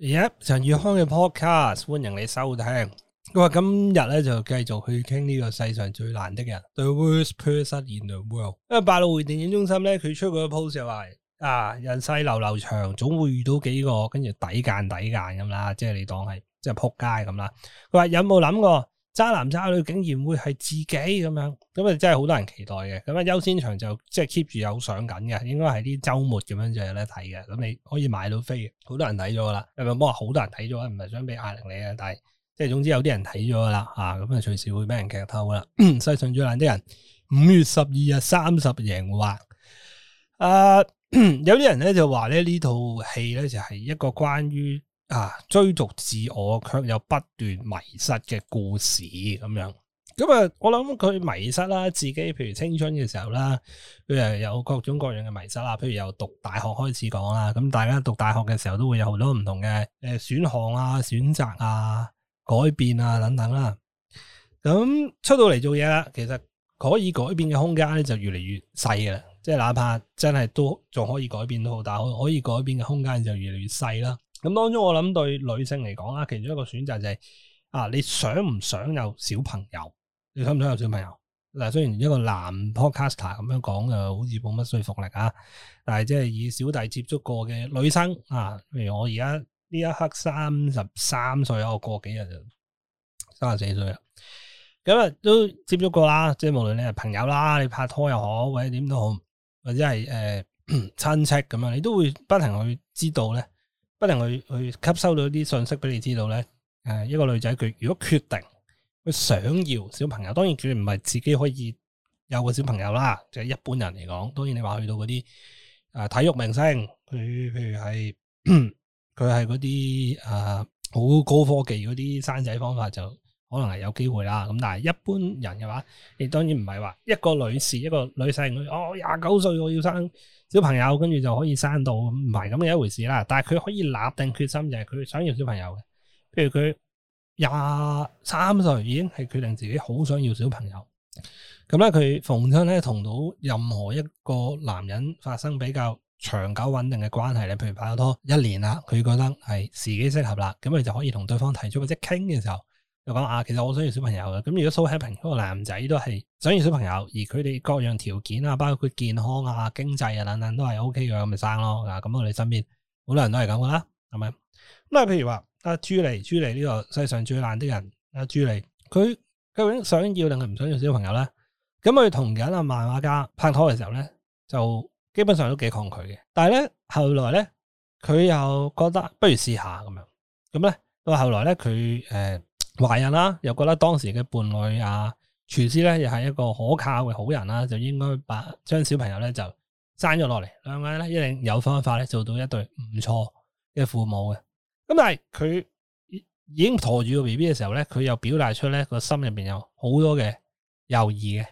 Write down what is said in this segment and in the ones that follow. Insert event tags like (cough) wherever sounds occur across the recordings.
Yep！陳宇康嘅 podcast，歡迎你收聽。佢話今日咧就繼續去傾呢個世上最爛的人，The worst person in the world。因為百老匯電影中心咧，佢出嗰個 post 又話啊，人生流流長，總會遇到幾個跟住底賤底賤咁啦，即係你當係即係扑街咁啦。佢話有冇諗過？渣男渣女竟然會係自己咁樣，咁啊真係好多人期待嘅。咁啊優先場就即係 keep 住有上緊嘅，應該係啲周末咁樣就有得睇嘅。咁你可以買到飛，好多人睇咗啦。咪冇話好多人睇咗，唔係想俾壓力你啊。但係即係總之有啲人睇咗啦，吓咁啊這樣隨時會俾人劇透偷啦。 (coughs) 世上最爛啲人五月十二日三十贏畫。誒、uh, (coughs) 有啲人咧就話咧呢套戲咧就係一個關於。啊！追逐自我，卻又不斷迷失嘅故事咁樣，咁啊，我諗佢迷失啦，自己，譬如青春嘅時候啦，譬如有各種各樣嘅迷失啦。譬如由讀大學開始講啦，咁大家讀大學嘅時候都會有好多唔同嘅誒選項啊、選擇啊、改變啊等等啦。咁出到嚟做嘢啦，其實可以改變嘅空間咧就越嚟越細嘅啦，即係哪怕真係都仲可以改變到，好大，但係可以改變嘅空間就越嚟越細啦。咁當中我諗對女性嚟講啦，其中一個選擇就係啊，你想唔想有小朋友？你想唔想有小朋友？嗱，雖然一個男 podcaster 咁樣講，就好似冇乜說服力啊，但係即係以小弟接觸過嘅女生啊，譬如我而家呢一刻三十三歲，我過幾日就三十四歲啊。咁啊都接觸過啦，即係無論你係朋友啦，你拍拖又好，或者點都好，或者係誒親戚咁樣，你都會不停去知道咧。不能去去吸收到啲信息，俾你知道呢，一個女仔佢如果決定佢想要小朋友，當然佢唔係自己可以有個小朋友啦。即係一般人嚟講，當然你話去到嗰啲誒體育明星，佢譬如係佢係嗰啲誒好高科技嗰啲生仔方法就。可能係有機會啦，咁但係一般人嘅話，亦當然唔係話一個女士一個女性佢哦廿九歲我要生小朋友，跟住就可以生到，唔係咁嘅一回事啦。但係佢可以立定決心，就係佢想要小朋友嘅。譬如佢廿三歲已經係決定自己好想要小朋友，咁咧佢逢親咧同到任何一個男人發生比較長久穩定嘅關係咧，譬如拍咗拖一年啦，佢覺得係時機適合啦，咁佢就可以同對方提出或者傾嘅時候。就講啊，其實我想要小朋友嘅。咁如果 h a so happen 嗰個男仔都係想要小朋友，而佢哋各樣條件啊，包括健康啊、經濟啊等等都係 O K 嘅，咁咪生咯。嗱，咁我哋身邊好多人都係咁噶啦，係咪？咁啊，譬如話阿朱莉，朱莉呢個世上最爛啲人，阿、啊、朱莉佢究竟想要定係唔想要小朋友咧？咁佢同緊阿漫畫家拍拖嘅時候咧，就基本上都幾抗拒嘅。但係咧，後來咧，佢又覺得不如試下咁樣。咁咧，到後來咧，佢誒。呃懷孕啦，又覺得當時嘅伴侶啊，廚師咧，又係一個可靠嘅好人啦，就應該把將小朋友咧就生咗落嚟，兩個人咧一定有方法咧做到一對唔錯嘅父母嘅。咁但係佢已經陀住個 B B 嘅時候咧，佢又表達出咧個心入邊有好多嘅猶豫嘅，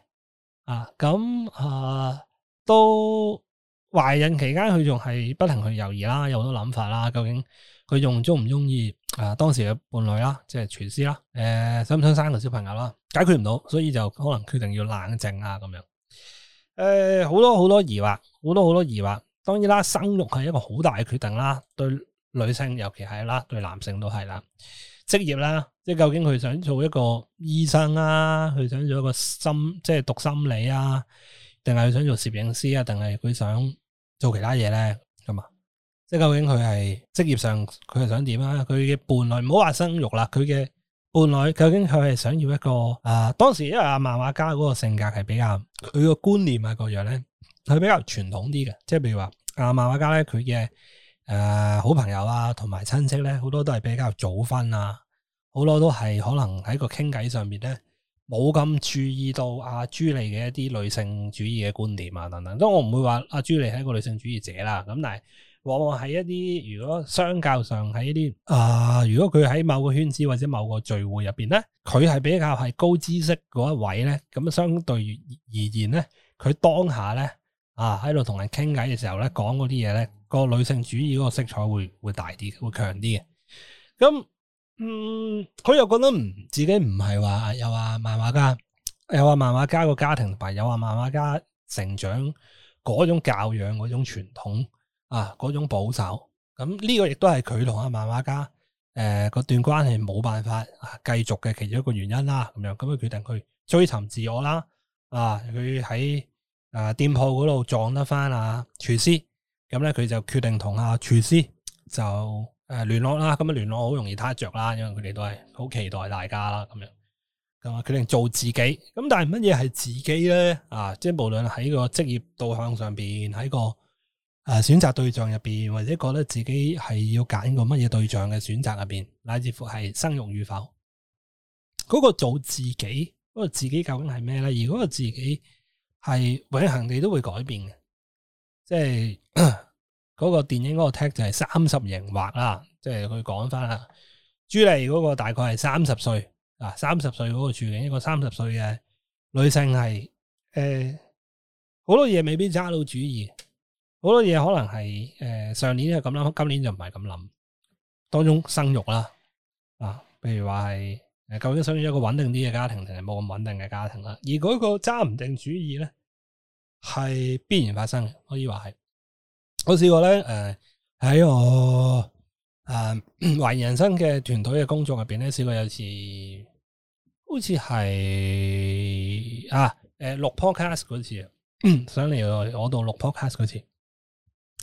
啊，咁、嗯、啊、呃，都懷孕期間佢仲係不停去猶豫啦，有好多諗法啦，究竟佢仲中唔中意？啊！當時嘅伴侶啦，即係廚師啦，誒、呃、想唔想生個小朋友啦？解決唔到，所以就可能決定要冷靜啊咁樣。誒、呃、好多好多疑惑，好多好多疑惑。當然啦，生育係一個好大嘅決定啦，對女性尤其係啦，對男性都係啦。職業啦，即係究竟佢想做一個醫生啊，佢想做一個心，即係讀心理啊，定係佢想做攝影師啊，定係佢想做其他嘢咧？即究竟佢係職業上佢係想點啊？佢嘅伴侶唔好話生育啦，佢嘅伴侶究竟佢係想要一個啊、呃、當時因為阿漫畫家嗰個性格係比較佢個觀念係個樣咧，佢比較傳統啲嘅。即係譬如話阿漫畫家咧，佢嘅誒好朋友啊，同埋親戚咧，好多都係比較早婚啊，好多都係可能喺個傾偈上面咧冇咁注意到阿朱莉嘅一啲女性主義嘅觀點啊等等。咁我唔會話阿朱莉係一個女性主義者啦。咁但係。往往喺一啲如果相較上喺一啲啊，如果佢喺某個圈子或者某個聚會入邊咧，佢係比較係高知識嗰一位咧，咁相對而言咧，佢當下咧啊喺度同人傾偈嘅時候咧，講嗰啲嘢咧，個女性主義嗰個色彩會會大啲，會強啲嘅。咁嗯，佢又覺得唔自己唔係話又話漫畫家，又話漫畫家個家庭同埋有話漫畫家成長嗰種教養嗰種傳統。啊！嗰種保守，咁、這、呢個亦都係佢同阿漫畫家誒個、呃、段關係冇辦法啊繼續嘅其中一個原因啦，咁樣咁佢決定去追尋自我啦。啊，佢喺誒店鋪嗰度撞得返啊廚師，咁咧佢就決定同阿廚師就誒聯絡啦。咁啊聯絡好容易攋着啦，因為佢哋都係好期待大家啦，咁樣咁啊決定做自己。咁但係乜嘢係自己咧？啊，即、就、係、是、無論喺個職業導向上邊喺、這個。誒、啊，選擇對象入邊，或者覺得自己係要揀個乜嘢對象嘅選擇入邊，乃至乎係生育與否，嗰、那個做自己，嗰、那個自己究竟係咩咧？如果個自己係永恆地都會改變嘅，即係嗰、那個電影嗰個 take 就係三十型畫啦，即係佢講翻啦。朱莉嗰個大概係三十歲，啊，三十歲嗰個處境，一個三十歲嘅女性係誒，好、呃、多嘢未必揸到主意。好多嘢可能係誒、呃、上年係咁諗，今年就唔係咁諗。當中生育啦，啊，譬如話係誒，究竟想要一個穩定啲嘅家庭，定係冇咁穩定嘅家庭啦？而嗰個揸唔定主意咧，係必然發生嘅，可以話係。我試過咧，誒、呃、喺我誒懷疑、呃呃、人生嘅團隊嘅工作入邊咧，試過有一次，好似係啊，誒、呃、錄 podcast 嗰次，上嚟我度錄 podcast 嗰次。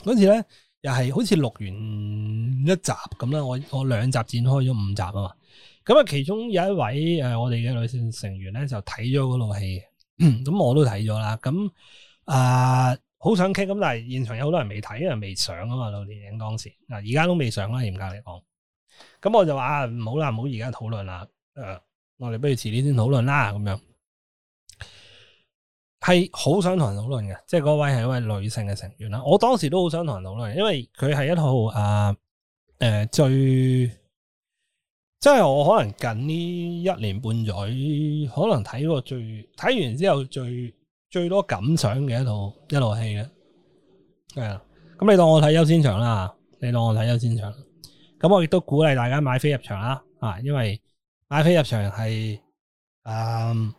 嗰陣時咧，又係好似錄完一集咁啦，我我兩集展開咗五集啊嘛，咁啊其中有一位誒、呃、我哋嘅女性成員咧就睇咗嗰套戲，咁我都睇咗啦，咁啊好想傾，咁但係現場有好多人未睇因為，未上啊嘛，套電影當時，嗱而家都未上啦，嚴格嚟講，咁我就話啊，唔好啦，唔好而家討論啦，誒、呃、我哋不如遲啲先討論啦，咁樣。係好想同人討論嘅，即係嗰位係一位女性嘅成員啦。我當時都好想同人討論，因為佢係一套誒誒、啊呃、最，即係我可能近呢一年半載，可能睇過最睇完之後最最多感想嘅一套一套戲嘅。係啦，咁你當我睇優先場啦，你當我睇優先場。咁我亦都鼓勵大家買飛入場啦，啊，因為買飛入場係誒。啊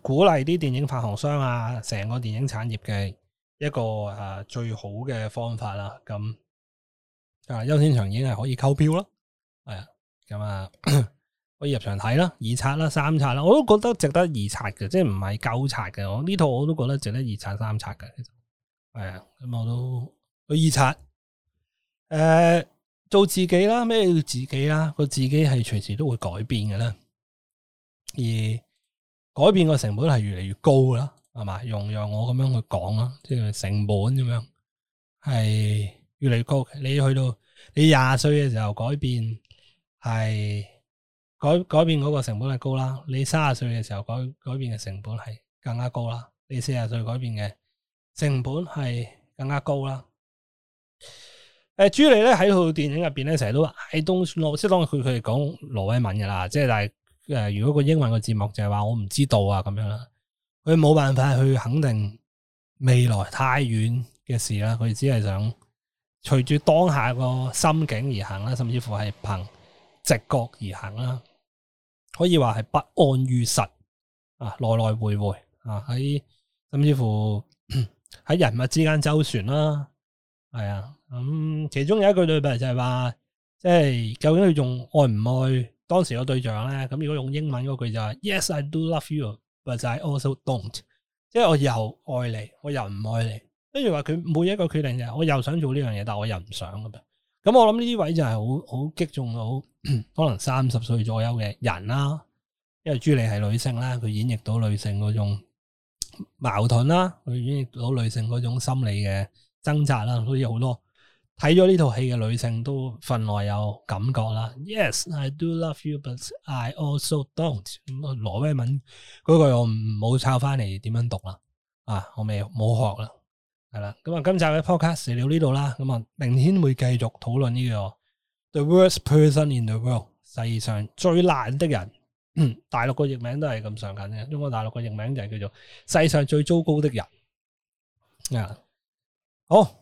鼓勵啲電影發行商啊，成個電影產業嘅一個誒、啊、最好嘅方法啦。咁啊，優先場已經係可以購票咯，係啊。咁啊，可以入場睇啦，二刷啦，三刷啦，我都覺得值得二刷嘅，即係唔係舊刷嘅。我呢套我都覺得值得二刷三刷嘅。係啊，咁我都去二刷。誒、呃，做自己啦，咩叫自己啦？個自己係隨時都會改變嘅啦，而。改變個成本係越嚟越高啦，係嘛？容讓我咁樣去講啦，即係成本咁樣係越嚟越高。你去到你廿歲嘅時候改變係改改變嗰個成本係高啦，你三十歲嘅時候改改變嘅成本係更加高啦，你四十歲改變嘅成本係更加高啦。誒，朱莉咧喺套電影入邊咧成日都話 I don't know，即係當佢佢哋講挪威文嘅啦，即係但係。誒、呃，如果個英文個字幕就係話我唔知道啊，咁樣啦，佢冇辦法去肯定未來太遠嘅事啦，佢只係想隨住當下個心境而行啦，甚至乎係憑直覺而行啦，可以話係不安於實啊，來來回回啊，喺甚至乎喺人物之間周旋啦，係啊，咁、嗯、其中有一句對白就係話，即、就、係、是、究竟佢仲愛唔愛？當時個對象咧，咁如果用英文嗰句就係 Yes I do love you，或者 I also don't，即係我又愛你，我又唔愛你，跟住話佢每一個決定就係我又想做呢樣嘢，但係我又唔想咁樣。咁我諗呢位就係好好擊中到可能三十歲左右嘅人啦，因為朱莉係女性啦，佢演繹到女性嗰種矛盾啦，佢演繹到女性嗰種心理嘅掙扎啦，所以好多。睇咗呢套戲嘅女性都分外有感覺啦。Yes, I do love you, but I also don't。咁啊，挪威文嗰句我唔冇抄翻嚟，點樣讀啦？啊，我咪冇學啦。係啦，咁啊，今集嘅 podcast 聊到呢度啦。咁啊，明天會繼續討論呢個 The Worst Person in the World，世上最爛的人。大陸個譯名都係咁上緊嘅，中國大陸個譯名就係叫做世上最糟糕的人。啊，好。